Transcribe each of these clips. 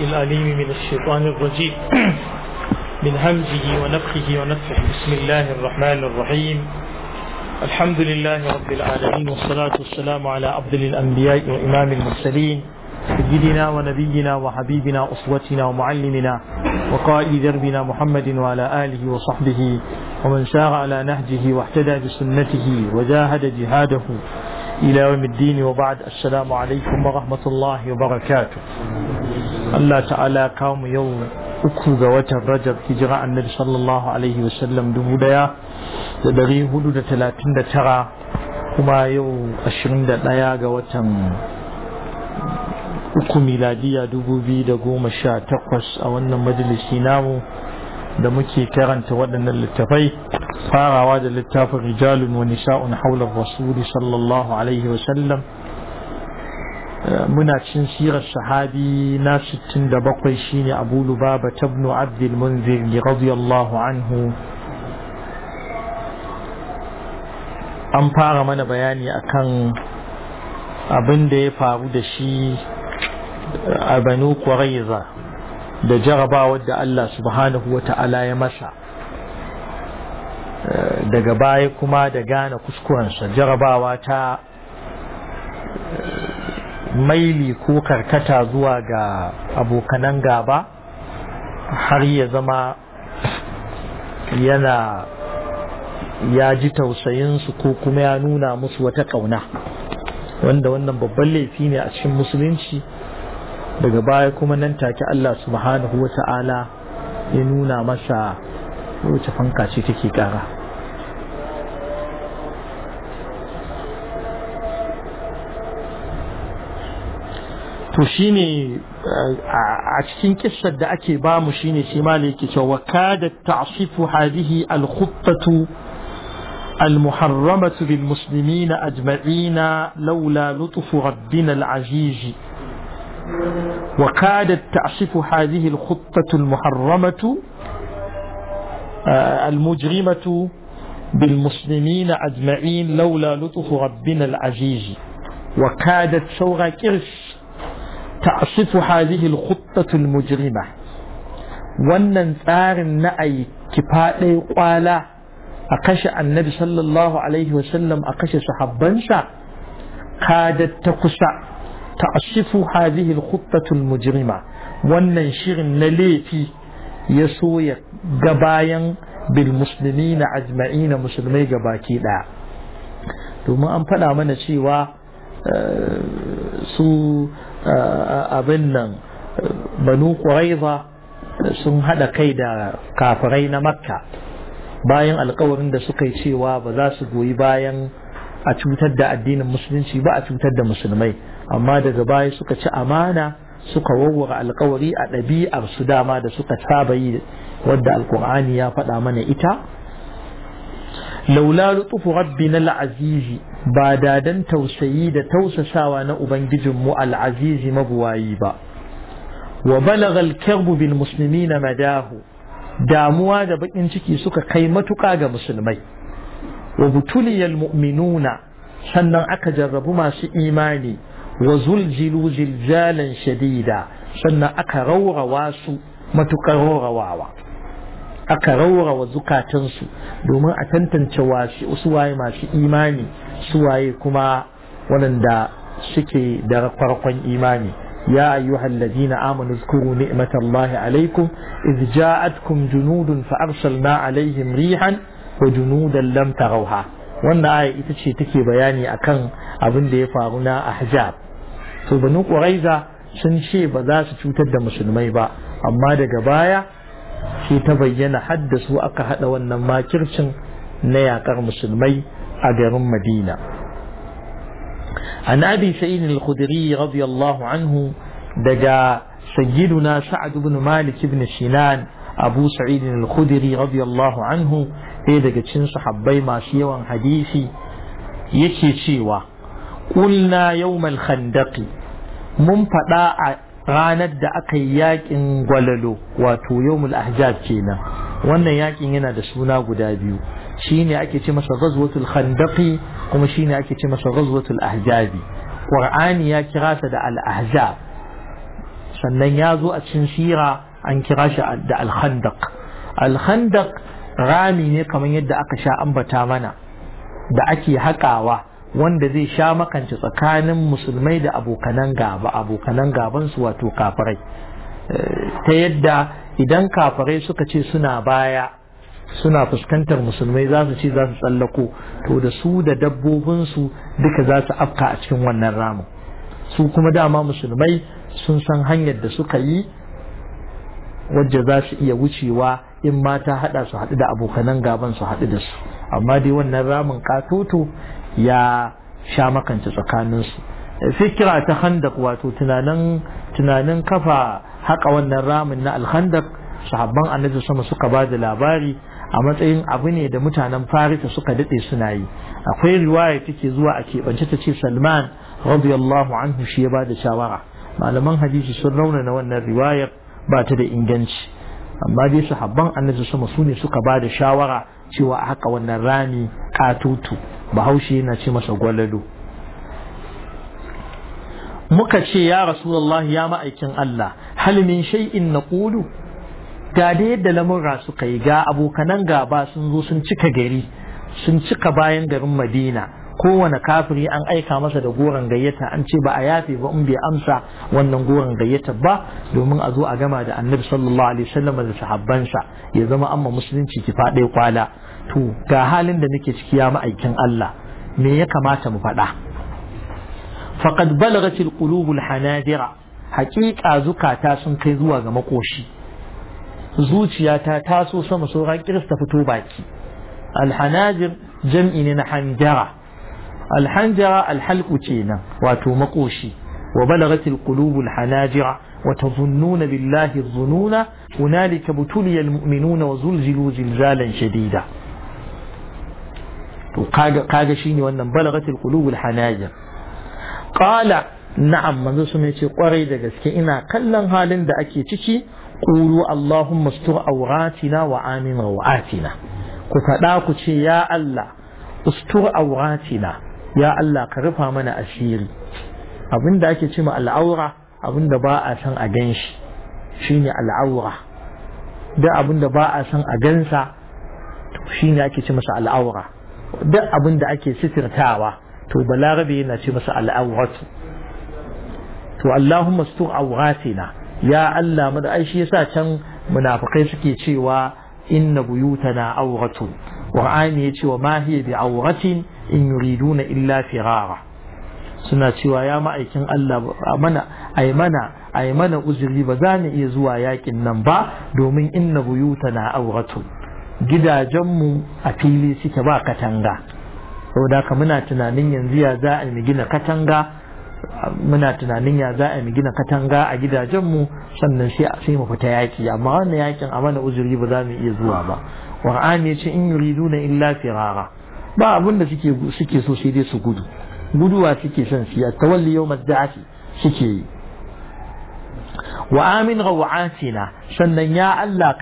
الأليم من الشيطان الرجيم من همزه ونفخه ونفخه بسم الله الرحمن الرحيم الحمد لله رب العالمين والصلاة والسلام على عبد الأنبياء وإمام المرسلين سيدنا ونبينا وحبيبنا أسوتنا ومعلمنا وقائد دربنا محمد وعلى آله وصحبه ومن سار على نهجه واحتدى بسنته وجاهد جهاده إلى يوم الدين وبعد السلام عليكم ورحمة الله وبركاته Allah ta'ala ya kamu yau uku ga watan Rajab hijira annabi sallallahu alaihi sallam dubu daya da dari hudu da talatin da tara kuma yau ashirin da daya ga watan uku miladiya dubu biyu da goma sha takwas a wannan majalisi namu da muke karanta waɗannan littafai farawa da littafin rijalun wa nisa'un haular rasuli sallallahu alaihi sallam. muna cin sirar sahabi na 67 shine Abu Lubaba ibn Abd al-Munzir radiyallahu anhu an fara mana bayani akan abin da ya faru da shi a Banu Qurayza da jarabawar da Allah subhanahu wa ta'ala ya masa daga baya kuma da gane kuskurensa jarabawa ta maili ko karkata zuwa ga abokanan gaba har ya zama yana ya ji tausayinsu ko kuma ya nuna musu wata kauna. wanda wannan babban laifi ne a cikin musulunci daga baya kuma nan take Allah subhanahu wa ta'ala ya nuna masa wace fanka ce take kara. to shine a cikin kissar da ake ba mu shine sai malai yake cewa kada ta'sifu hadhihi al-khuttatu المحرمة بالمسلمين أجمعين لولا لطف ربنا العزيز وكادت تعصف هذه الخطة المحرمة المجرمة بالمسلمين أجمعين لولا لطف ربنا العزيز وكادت سوغا كرس ta'sifu hadhihi al-khuttatu wannan tsarin na ai kifaɗe kwala a kashe annabi sallallahu alaihi wasallam a kashe sahabbansa kadat ta kusa ta'sifu hadhihi al-khuttatu mujrima wannan shirin na laifi ya so ya ga bayan na ajma'ina musulmai baki ɗaya domin an faɗa mana cewa su abin nan banu ƙuraiza sun haɗa kai da kafirai na makka bayan alkawarin da suka yi cewa ba za su goyi bayan a cutar da addinin musulunci ba a cutar da musulmai amma daga baya suka ci amana suka wawwara alkawari a ɗabi'ar su dama da suka saba yi wadda alkur'ani ya faɗa mana ita لولا لطف ربنا العزيز بعدا توسعي توسع سوى نوبنجز مو العزيز مبوايبا وبلغ الكرب بالمسلمين مداه داموا دب انتكي سكا قيمتك اجا مسلمي وبتلي المؤمنون سنا اكجربوا ما شي ايماني وزلزلوا زلزالا شديدا سنا اكرور واسو متكرور واوا aka raurawa zukatansu domin a tantance waye masu imani suwaye kuma waɗanda suke da farkon imani يا أيها الذين آمنوا اذكروا نعمة الله عليكم إذ جاءتكم جنود فأرسلنا عليهم ريحا وجنودا لم تروها wannan aya ita ce take bayani akan abin da ya faru na ahzab to banu quraiza sun ce ba za su cutar da musulmai ba amma daga baya sai ta bayyana haddasu aka hada wannan makircin na yakar musulmai a garin madina an abi sa'id al-khudri radiyallahu anhu daga sayyiduna sa'ad ibn malik ibn sinan abu sa'id al-khudri radiyallahu anhu ɗaya daga cikin sahabbai masu yawan hadisi yake cewa qulna yau al-khandaqi mun faɗa a ranar da aka yi yakin gwalalo wato yawmul ahjab kenan wannan yakin yana da suna guda biyu shine ake ce masa ghazwatul khandaqi kuma shine ake ce masa ghazwatul ahjabi qur'ani ya kira ta da al ahzab sannan ya zo a cikin sira an kira shi da al khandaq al khandaq rami ne kamar yadda aka sha ambata mana da ake haƙawa wanda zai sha makance tsakanin musulmai da abokanan gaba abokanan gaban su wato kafirai eh, ta yadda idan kafirai suka ce suna baya suna fuskantar musulmai za su ce za su tsallako to da su da dabbobin su duka za su afka a cikin wannan ramin su kuma dama musulmai sun san hanyar da suka yi wajen za su iya wucewa in mata hada su haɗu da abokanan gaban su haɗu da su amma dai wannan ramin katoto ya sha makance tsakaninsu fikira ta handak wato tunanin tunanin kafa haka wannan ramin na alhandak sahabban annabi sama suka ba da labari a matsayin abu ne da mutanen farisa suka daɗe suna yi akwai riwaya take zuwa a keɓance ta ce salman radiyallahu anhu shi ya ba da shawara malaman hadisi sun na wannan riwayar ba ta da inganci amma dai sahabban annabi sama su ne suka ba da shawara cewa a haka wannan rami katutu bahaushe na ce masa gwalado muka ce ya rasulullahi ya ma'aikin Allah halimin shay'in na naqulu ga da yadda lamurra suka yi ga abokanan gaba sun zo sun cika gari sun cika bayan garin Madina kowane kafiri an aika masa da goron gayyata an ce ba a yafe ba in bai amsa wannan goron gayyata ba domin a zo a gama da annabi sallallahu alaihi wasallam da sahabbansa ya zama amma musulunci ki faɗe kwala to ga halin da nake ciki ya ma'aikin Allah me ya kamata mu faɗa faqad balagat alqulub hanajira. haqiqa zukata sun kai zuwa ga makoshi zuciyata ta so sama sauran kirista fito baki alhanajir jam'i ne na hanjara alhanjara alhalku kenan wato makoshi wa balagat alqulub alhanajira وتظنون بالله الظنون هنالك ابتلي المؤمنون وزلزلوا زلزالا شديدا to kaga shine wannan balagatil qulubul hanajir qala na'am manzo sun ce kwarai da gaske ina kallon halin da ake ciki qulu allahumma astur awratina wa amin rawatina ku fada ku ce ya Allah astur awratina ya Allah ka rufa mana asiri abinda ake cewa al'aura abinda ba a san a ganshi shine al'aura da abinda ba a san a gansa shine ake ce masa al'aura duk abin da ake sitirtawa to balarabe yana ce masa al'awratu to Allahumma stur awratina ya Allah mu da ai shi yasa can munafikai suke cewa inna buyutana awratu qur'ani ya ce wa ma hiya bi awratin in yuriduna illa firara suna cewa ya ma'aikin Allah mana ai mana ay mana uzuri ba za ni iya zuwa yakin nan ba domin inna buyutana auratu. gidajenmu a fili suke ba katanga saboda haka muna tunanin yanzu ya za a gina katanga muna tunanin ya za a gina katanga a gidajenmu sannan sai mu fita yaki amma wannan yakin a mana uzuri ba za mu iya zuwa ba qur'ani ya ce in yuriduna illa firara ba abin da suke suke so sai dai su gudu guduwa suke son siya tawalli yawmad da'ati suke yi وآمن غوعاتنا سنن يا الله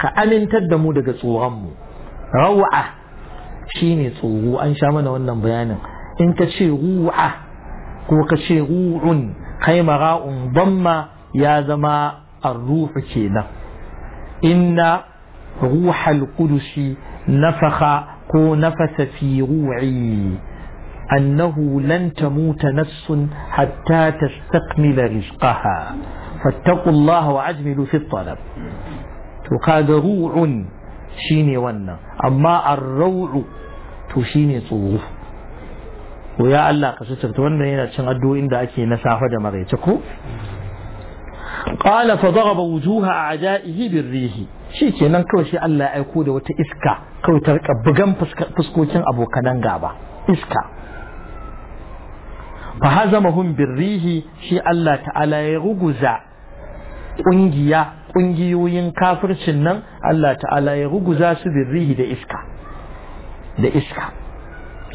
كأمنتد مو دقى صغم روعة شيني صغو أنشامنا ونن بيانا انت شيغوعة كوك شيغوع روع خيم راء ضم يا زما الروح شينا إن روح القدس نفخ كو نفس في روعي أنه لن تموت نفس حتى تستكمل رزقها فاتقوا الله وأجملوا في الطلب وقال روع شيني ونا أما الروع تشيني صوف ويا الله قصدت وانا هنا تشغدوا إن داكي نسافة مريتكو قال فضرب وجوه أعدائه بالريح shi kenan kawai shi Allah ya aiko da wata iska kawai ta rika bugan fuskokin abokanan gaba iska fa hazamahum birrihi shi Allah ta'ala ya ruguza kungiya kungiyoyin kafircin nan Allah ta'ala ya ruguza su birrihi da iska da iska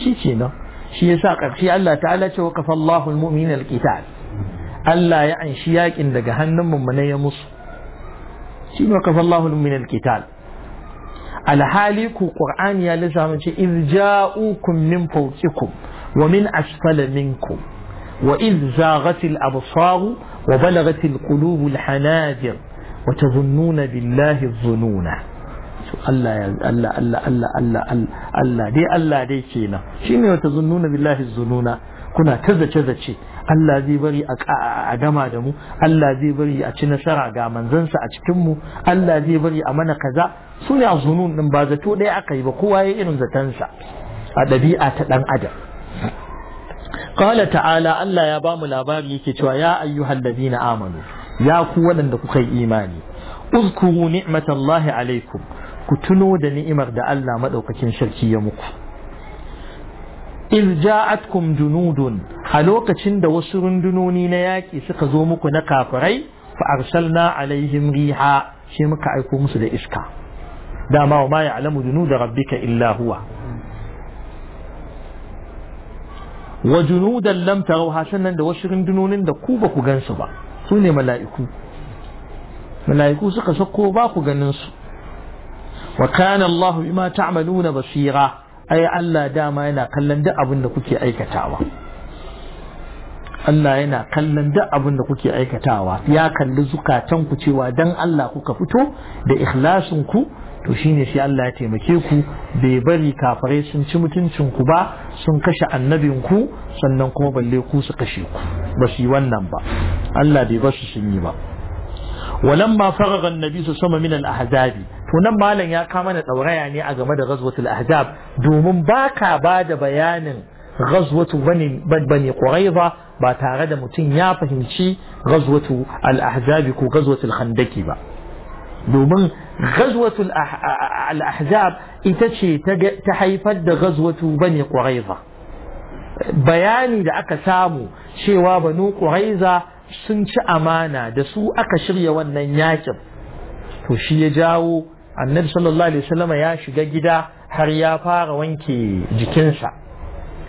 shi ce nan shi yasa ƙarshe Allah ta'ala ce wa kafa Allahul mu'minin alqital Allah ya anshi yakin daga hannun mummunai ya musu shi ne wa kafa Allahul mu'minin alqital alhali ku qur'ani ya lissafa ce iz ja'ukum min fawqikum ومن أسفل منكم وإذ زاغت الأبصار وبلغت القلوب الحناجر وتظنون بالله الظنون الله يا الله الله الله الله الله الله بالله الظنون كنا كذا كذا شيء الله ذي بري أدم أدمو الله ذي بري أشنا سرع جام زن سأشتمو الله ذي بري أمانة كذا سوني الظنون نبازتو لا أقي بقوة إنه زتنسى هذا بيئة لم أدم qala ta'ala Allah ya bamu labari yake cewa ya ayyuhal na amanu ya ku waɗanda kuka yi imani uzkuru ni'matallahi alaikum ku tuno da ni'imar da Allah madaukakin sarki ya muku iz ja'atkum junudun a lokacin da wasu rundunoni na yaƙi suka zo muku na kafirai fa na alaihim riha shi muka aiko musu da iska dama wa ma ya'lamu junuda rabbika illa huwa wa junudan lam tarawha sannan da wasu rundunonin da ku ba ku gansu ba su ne mala'iku mala'iku suka sako ba ku ganin su wa kana Allah bima ta'maluna basira ai Allah dama yana kallon duk abin da kuke aikatawa Allah yana kallon duk abin da kuke aikatawa ya kalli zukatan ku cewa dan Allah kuka fito da ikhlasin ku to shine sai Allah ya taimake ku bai bari kafirai sun ci mutuncin ku ba sun kashe annabin ku sannan kuma balle ku su kashe ku ba su yi wannan ba Allah bai bar su sun yi ba ولما فرغ النبي صلى الله عليه وسلم من الأحزاب tunan malam ya kama na ɗauraya ne a game da ghazwatul ahzab domin ba ka ba da bayanin ghazwatu bani bani quraiza ba tare da mutum ya fahimci ghazwatu al ahzab ko ghazwatul khandaki ba domin ghazwatul al-ahzab ita ce ta haifar da ghazwatu bani quraiza bayani da aka samu cewa banu ƙuraiza sun ci amana da su aka shirya wannan yakin to shi ya jawo annabi sallallahu alaihi wasallam ya shiga gida har ya fara wanke jikinsa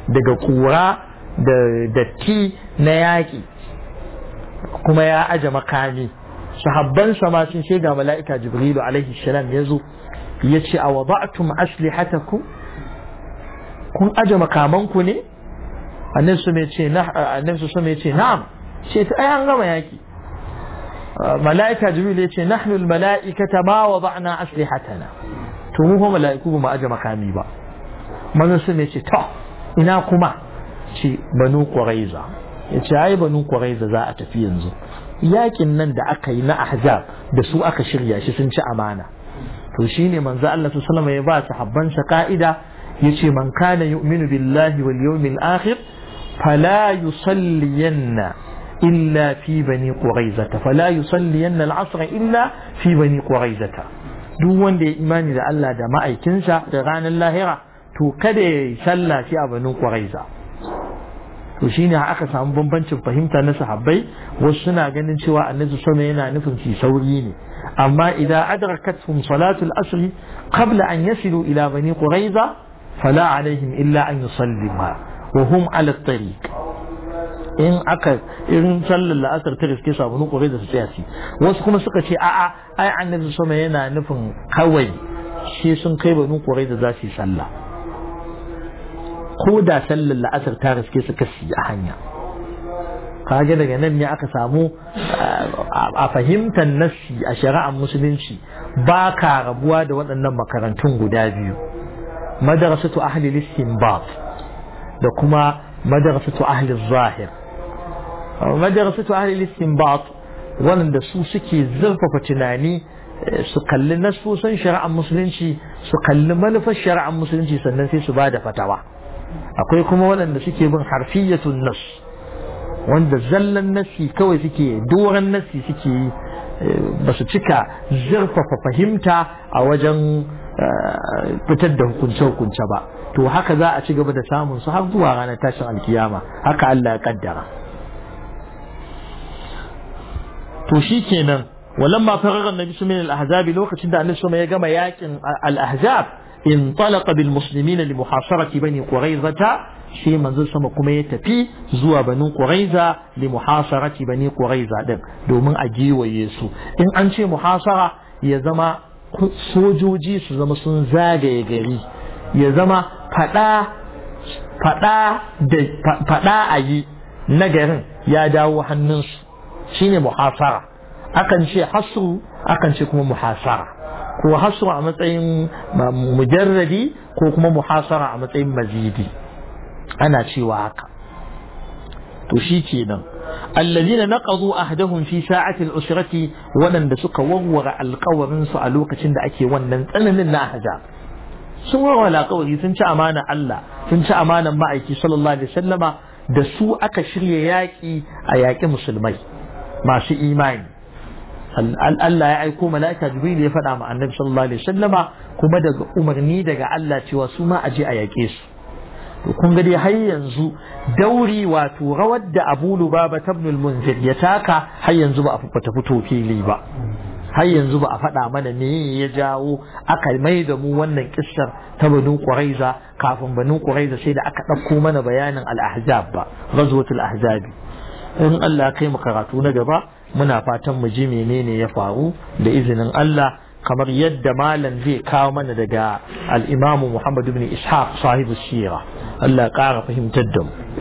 daga kura da datti na yaƙi kuma ya aje makami sahabban sa ma sun shaida mala'ika jibrilu alaihi salam ya zo ya ce a wada'tum aslihatakum kun aje makamanku ne annabi su mai ce na annabi su mai ce na'am ce ta ayan gama yaki mala'ika Jibrilu ya ce nahnu al mala'ikata ma wada'na aslihatana to mu mala'iku ba mu aje makami ba manzo su mai ce to ina kuma ce banu quraiza ya ce ai banu quraiza za a tafi yanzu yakin nan da aka yi na ahzab da su aka shirya shi sun ci amana to shine manzo Allah sallallahu alaihi wasallam ya ba sahabban sa ka'ida yace man kana yu'minu billahi wal yawmil akhir fala yusalliyanna illa fi bani quraizata fala yusalliyanna al-asr illa fi bani quraizata duk wanda ya imani da Allah da ma'aikinsa da ranar lahira to kada ya sallaci a bani quraiza to ne aka samu bambancin fahimta na sahabbai wasu suna ganin cewa annabi sama yana nufin su sauri ne amma idza adrakatuhum salatul asri qabla an yasilu ila bani quraiza fala alaihim illa an yusallima wa hum ala tariq in aka irin sallar la'asar ta riske su abin kwarai da su tsaya su wasu kuma suka ce a'a ai annabi sama yana nufin kawai shi sun kai banu kurai da za su yi sallah ko da sallar la'asar ta riske su kasi a hanya kaga daga nan ne aka samu a fahimtar nassi a shari'ar musulunci ba ka rabuwa da waɗannan makarantun guda biyu madrasatu ahli listinbat da kuma madrasatu ahli zahir madrasatu ahli listinbat waɗanda su suke zurfafa tunani eh, su kalli nassosan shari'ar musulunci su kalli manufar shari'ar musulunci sannan sai su ba da fatawa akwai kuma waɗanda suke bin harfiyatun nas wanda zallan nasi kawai suke doran nasi suke yi eh, ba su cika zurfafa fahimta a wajen eh, fitar da hukunce-hukunce ba to haka za a ci gaba da samun su har zuwa ranar tashin alkiyama haka Allah ya kaddara to shi kenan walamma fararar nabi su min al-ahzabi lokacin da annabi ya gama yakin al-ahzab In انطلق بالمسلمين لمحاصرة بني قريظة sai manzon sama kuma ya tafi zuwa banin Quraiza li muhasarati bani Quraiza din domin a giwaye su in an ce muhasara ya zama sojoji su zama sun zagaye gari ya zama fada fada da ayi na garin ya dawo hannunsu shine muhasara akan ce hasu akan ce kuma muhasara ko hasru a matsayin mujarradi ko kuma muhasara a matsayin mazidi ana cewa haka to shi kenan allazina naqadu ahdahum fi sa'ati al-usrati waɗanda suka warware alƙawarin su a lokacin da ake wannan tsananin na ahza sun warware alƙawari sun ci amana Allah sun ci amanan ma'aiki sallallahu alaihi wasallama da su aka shirya yaƙi a yaƙi musulmai masu imani Allah ya aiko mala'ika Jibril ya faɗa ma Annabi sallallahu alaihi wasallama kuma daga umarni daga Allah cewa su ma aje a yaƙe su to kun ga dai har yanzu dauri wato rawar da Abu Lubaba ibn al-Munzir ya taka har yanzu ba a fita fito fili ba har yanzu ba a faɗa mana me ya jawo aka mai da mu wannan kissar ta Banu Quraiza kafin Banu Quraiza sai da aka ɗauko mana bayanin al-Ahzab ba ghazwatul Ahzabi. in Allah kai mu karatu na gaba muna fatan mu ji menene ya faru da izinin Allah kamar yadda malam zai kawo mana daga al-Imam Muhammad ibn Ishaq sahibu sira Allah ya ƙara fahimtar da mu